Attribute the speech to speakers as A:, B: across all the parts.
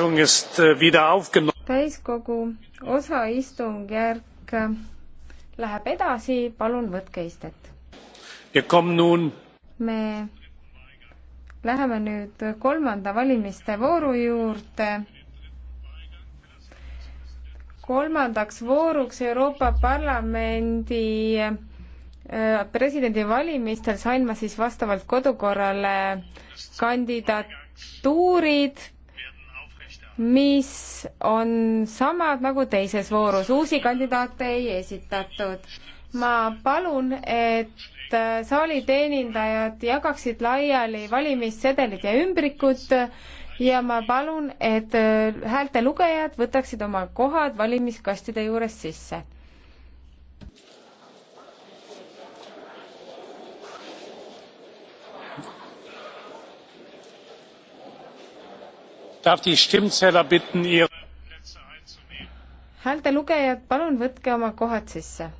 A: Äh, täiskogu osaistungjärk äh, läheb edasi, palun võtke istet. me läheme nüüd kolmanda valimiste vooru juurde. kolmandaks vooruks Euroopa Parlamendi äh, presidendivalimistel sain ma siis vastavalt kodukorrale kandidaat tuurid mis on samad nagu teises voorus, uusi kandidaate ei esitatud. ma palun, et saali teenindajad jagaksid laiali valimissedelid ja ümbrikud ja ma palun, et häälte lugejad võtaksid oma kohad valimiskastide juures sisse darf die Stimmzähler bitten, ihre Plätze einzunehmen. Häälte lugejad, palun võtke oma kohad sisse.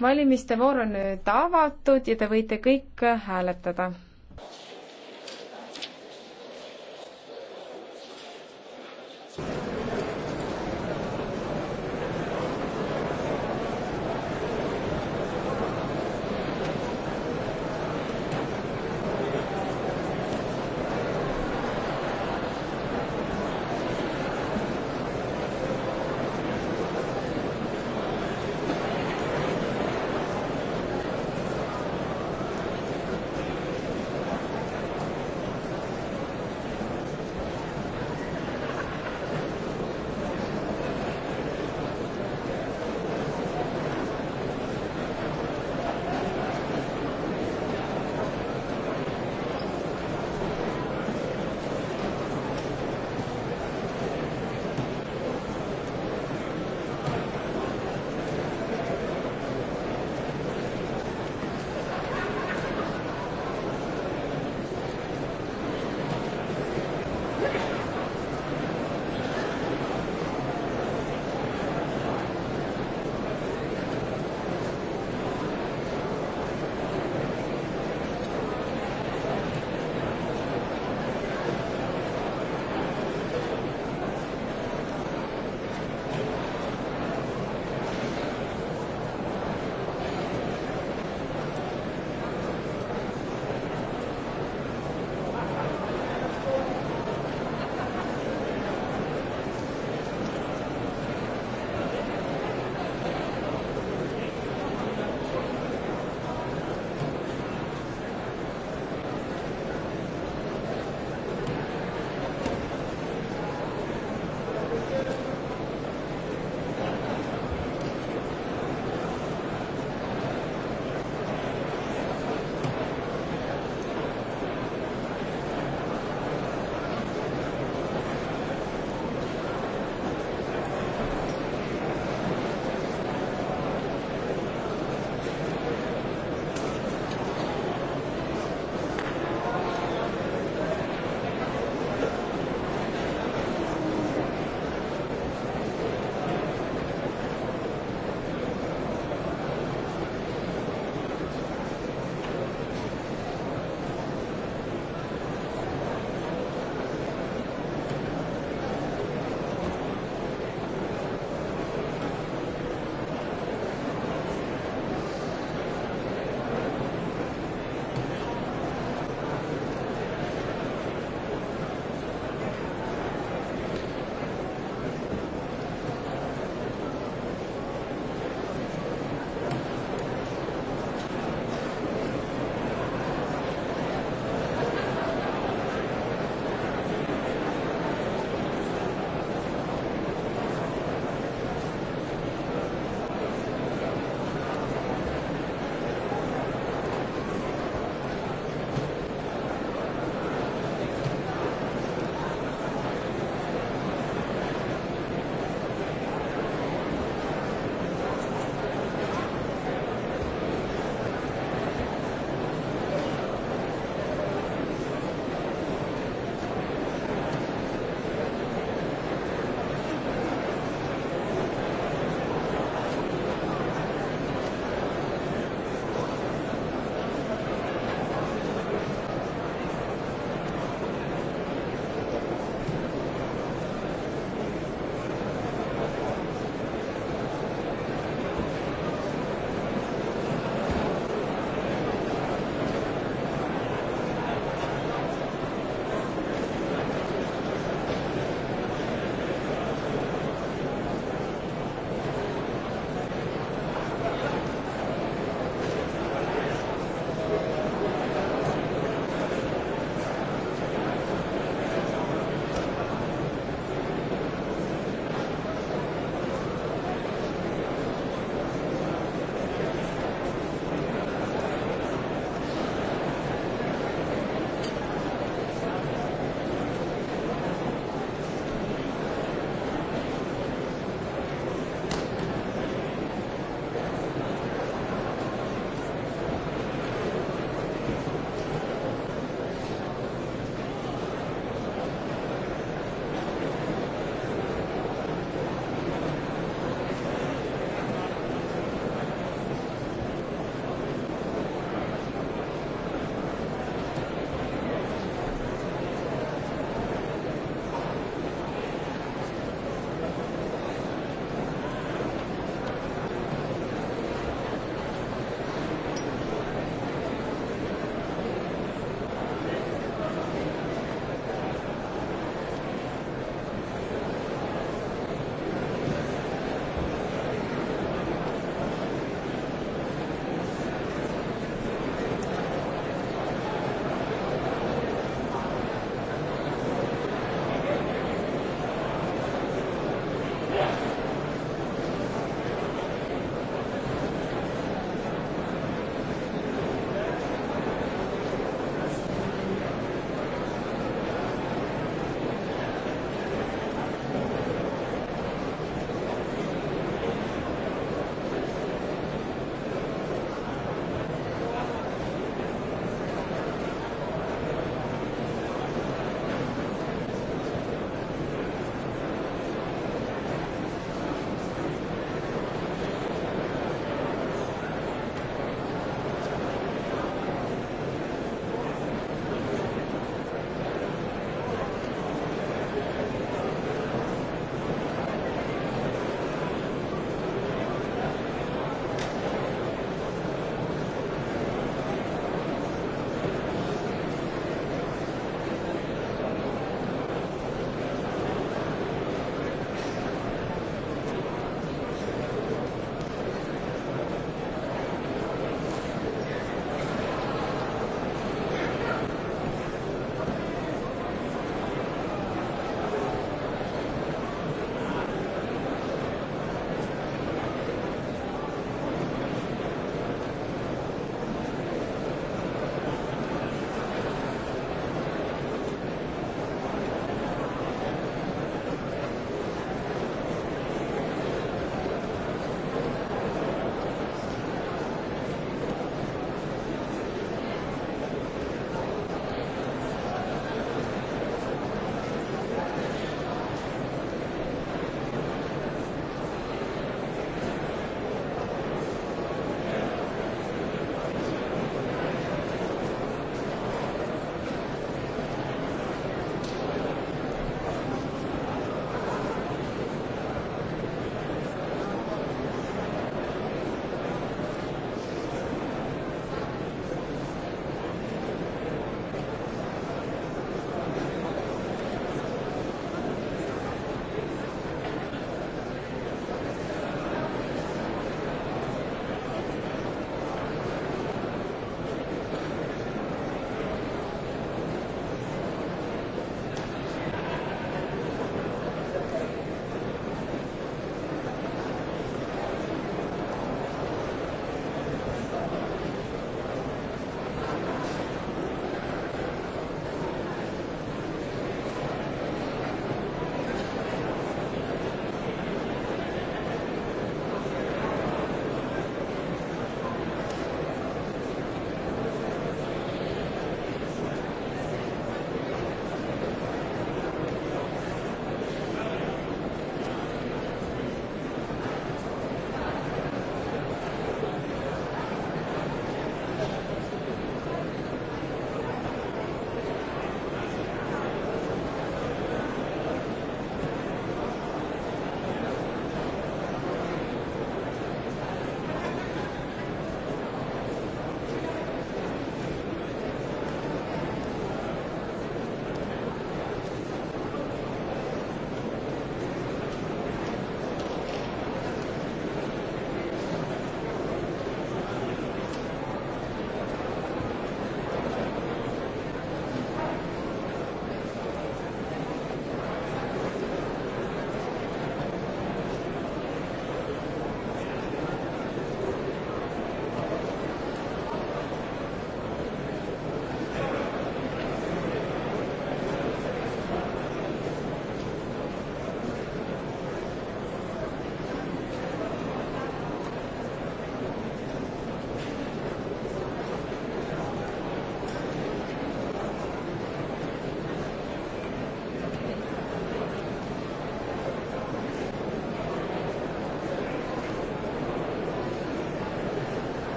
A: valimiste voor on nüüd avatud ja te võite kõik hääletada.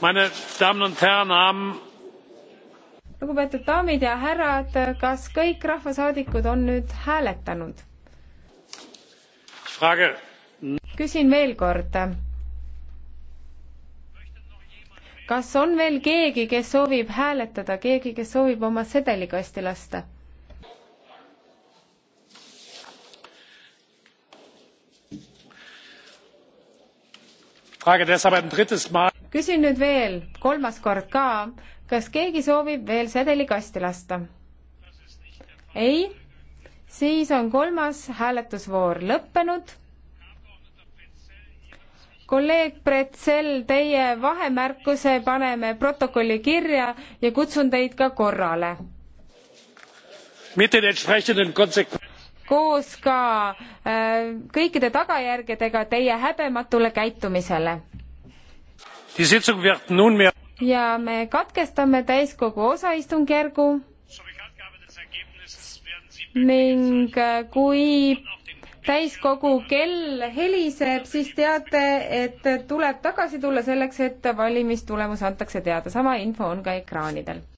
A: meine damen und herren haben lugupeetud daamid ja härrad, kas kõik rahvasaadikud on nüüd hääletanud? küsin veel kord. kas on veel keegi, kes soovib hääletada, keegi, kes soovib oma sedelikasti lasta? frage deshalb ein drittes Mal küsin nüüd veel kolmas kord ka, kas keegi soovib veel sedeli kasti lasta? ei? siis on kolmas hääletusvoor lõppenud. kolleeg Pretzel, teie vahemärkuse paneme protokolli kirja ja kutsun teid ka korrale. koos ka äh, kõikide tagajärgedega teie häbematule käitumisele ja me katkestame täiskogu osaistungjärgu ning äh, kui täiskogu kell heliseb, siis teate, et tuleb tagasi tulla selleks, et valimistulemus antakse teada. sama info on ka ekraanidel.